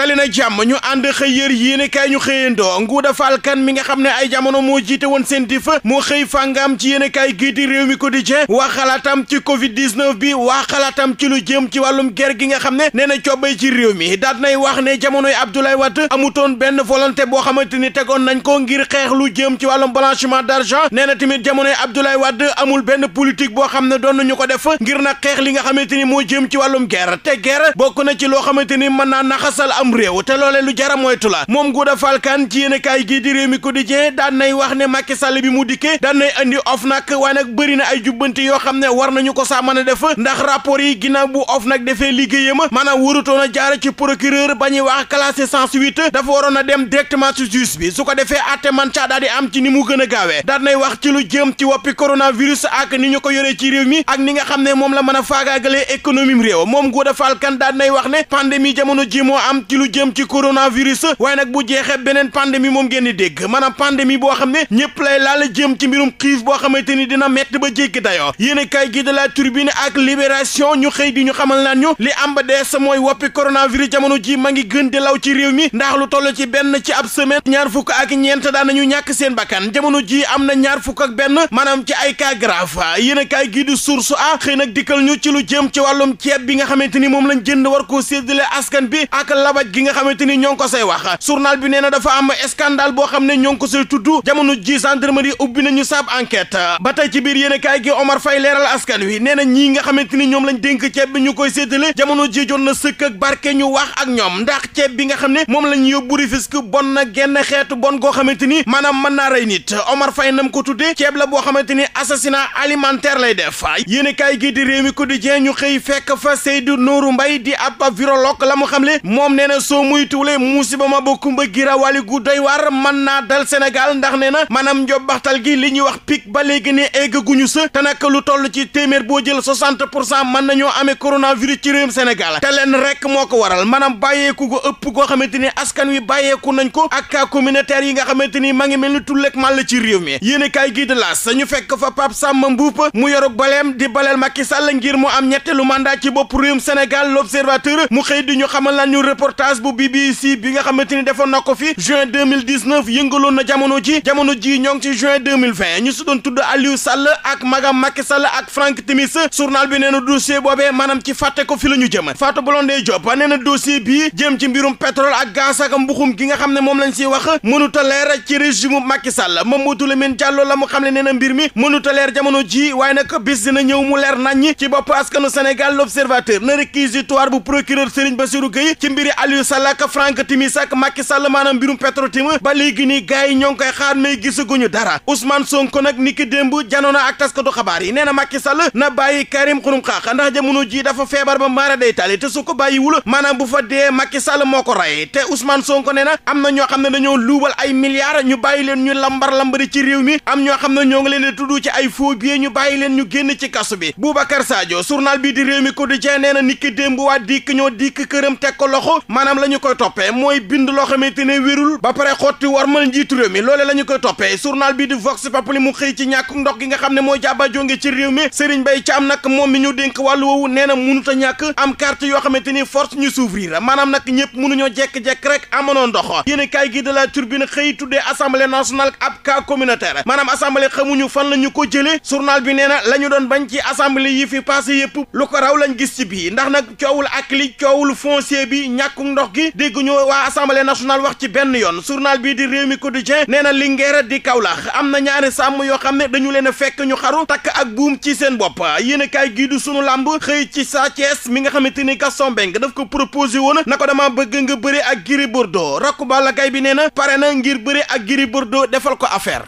dali na jàmm ñu ànd xëy yër yéene kaay ñu xëyandoo Nguuda Fall Kane mi nga xam ne ay jamono moo jiite woon seen dif moo xëy fangam ci yéene kaay gii di réew mi ko di quotidien wax xalaatam ci covid 19 bi wax xalaatam ci lu jëm ci wàllum ger gi nga xam ne nee na cobbay ci réew mi daat nay wax ne jamonoy Abdoulaye Wade amutoon benn volonté boo xamante ni tegoon nañ ko ngir xeex jëm ci wàllum blanchiment d'argent nee na tamit jamonoy Abdoulaye Wade amul benn politique boo xam ne doon nañu ko def ngir na xeex li nga xamante ni moo jëm ci wàllum ger te ger bokk na ci loo xamante ni mën naa naxasal am am réew te lu jara moytu moom Gouda Fall ci yéen kaay gii di réew mi quotidien daan nay wax ne Macky Sall bi mu dikkee daan nay andi OFNAC waaye ay jubbanti yoo xam ne war nañu ko saa a def ndax rapport yi ginnaaw defee liggéeyam maanaam warutoon a jaare ci procureur ba ñuy wax classé 108 dafa waroon a dem directement ci juge bi su defee atte man caa am ci ni mu gën a gaawee wax ci lu jëm ci woppi coronavirus ak ni ñu ko yoree lu jëm ci coronavirus waaye nag bu jeexee beneen pandémie moom ngeen di dégg maanaam pandémie boo xam ne ñëpp lay laal jëm ci mbirum xiif boo xamante ni dina métti ba jékki dayoo yéen kay gi la Tribune ak Libération ñu xëy di ñu xamal naan ñu li am ba dees mooy woppi coronavirus jamono ji ma ngi gën di law ci réew mi ndax lu toll ci benn ci ab semaine ñaar fukk ak ñeent daan ñu ñàkk seen bakkan jamono ji am na ñaar fukk ak benn maanaam ci ay cas grave yéen kay gi di source a xëy nag dikkal ñu ci lu jëm ci wàllum ceeb bi nga xamante ni moom lañ jënd war koo séddale askan bi ak laba paj gi nga xamante ni ñoo ngi ko say wax journal bi nee na dafa am scandale boo xam ne ñoo ko say tudd jamono ji gendarmerie ubbi nañu saab enquête ba tey ci biir yéen kaay gi Omar Faye leeral askan wi nee na ñii nga xamante ni ñoom lañ dénk ceeb bi ñu koy séddale jamono ji jot na sëkk ak barke ñu wax ak ñoom ndax ceeb bi nga xam ne moom lañ yóbbu Rufisque bon na genn xeetu bon goo xamante ni maanaam mën naa rey nit Omar Faye nam ko tuddee ceeb la boo xamante ni assassinat alimentaire lay def yéen kaay gi di réew mi quotidien ñu xëy fekk fa Seydou Nourou Mbaye di ab virologue la mu xamle moom na soo muytuwulee musiba ma ba kumba girawali gu doy waar man naa dal Sénégal ndax nee na maanaam njobbaxtal gi li ñu wax pic ba léegi ne gu ñu te nag lu toll ci téeméer boo jël 60 pour cent mën nañoo amee coronavirus ci réewum Sénégal te leen rek moo ko waral maanaam bàyyeeku ko ëpp koo xamante ni askan wi bàyyeeku nañ ko ak cas communautaire yi nga xamante ni ma ngi mel ni mal la ci réew mi yéen i kaay gii de laas ñu fekk fa Pape Samba Mboup mu yorog di baleel Macky Sall ngir mu am ñetteelu mandat ci bopp réewum Sénégal l'observateur mu xëy di ñu xamal lan ñu reporté reportage bu BBC bi nga xamante ni defoon na ko fi juin 2019 yëngaloon na jamono ji jamono ji ñoo ngi ci juin 2020 ñu si doon tudd Aliou Sall ak magam Macky Sall ak Frank Timis journal bi nee na boobee maanaam ci fàtte ko fi la jëm Fatou Blondin Diop nee na bii jëm ci mbirum pétrole ak gaz ak mbuxum gi nga xam ne moom lañ si wax mënut a leer ci régime Macky Sall Mamadou Lamine Diallo la mu xam ne nee na mbir mi mënut a leer jamono ji waaye nag bis dina ñëw mu leer nañ ci bopp askanu Sénégal l'observateur na réquisitoire bu procureur Serigne Bassirou Gueye ci Aliou Sall ak Franck Timis ak Macky Sall maanaam mbirum Petro-Tim ba léegi nee na Macky Sall bu waa dikk ñoo dikk këram teg ko loxo maanaam la ñu koy toppee mooy bind loo xamante ne wérul ba pare xotti war njiitu réew mi loolee la ñu koy toppee journal bi di Vox Populi mu xëy ci ñàkk ndox gi nga xam ne mooy jàba jonge ci réew mi Serigne Mbaye Thiam nag moom mi ñu dénk wàllu woowu nee na munut a ñàkk am carte yoo xamante ni force ñu s'ouvrir maanaam nag ñëpp mënuñoo jekk-jekk rek amoonoo ndox yéen kaay gi de la turbine xëy tuddee assemblée nationale ab cas maanaam assemblée xamuñu fan la ñu ko jëlee journal bi nee na la ñu doon bañ ci assemblée yi fi passé yëpp lu ko raw lañ gis ci bii ndax nag coowul ak li coowul foncier bi ñàkku ndox gi dégguñu waa assemblée nationale wax ci benn yoon journal bi di réew mi quotidien nee na Linguère di Kaolack am na ñaari sàmm yoo xam ne dañu leen a fekk ñu xaru takk ak buum ci seen bopp yéen a kaay gii du sunu làmb xëy ci Sa Thiès mi nga xamante ni Gaston Mbengue daf ko proposé woon na ko dama bëgg nga bëri ak Gris Bordeaux rakk Balla Gaye bi nee na pare na ngir bëri ak Gris Bordeaux defal ko affaire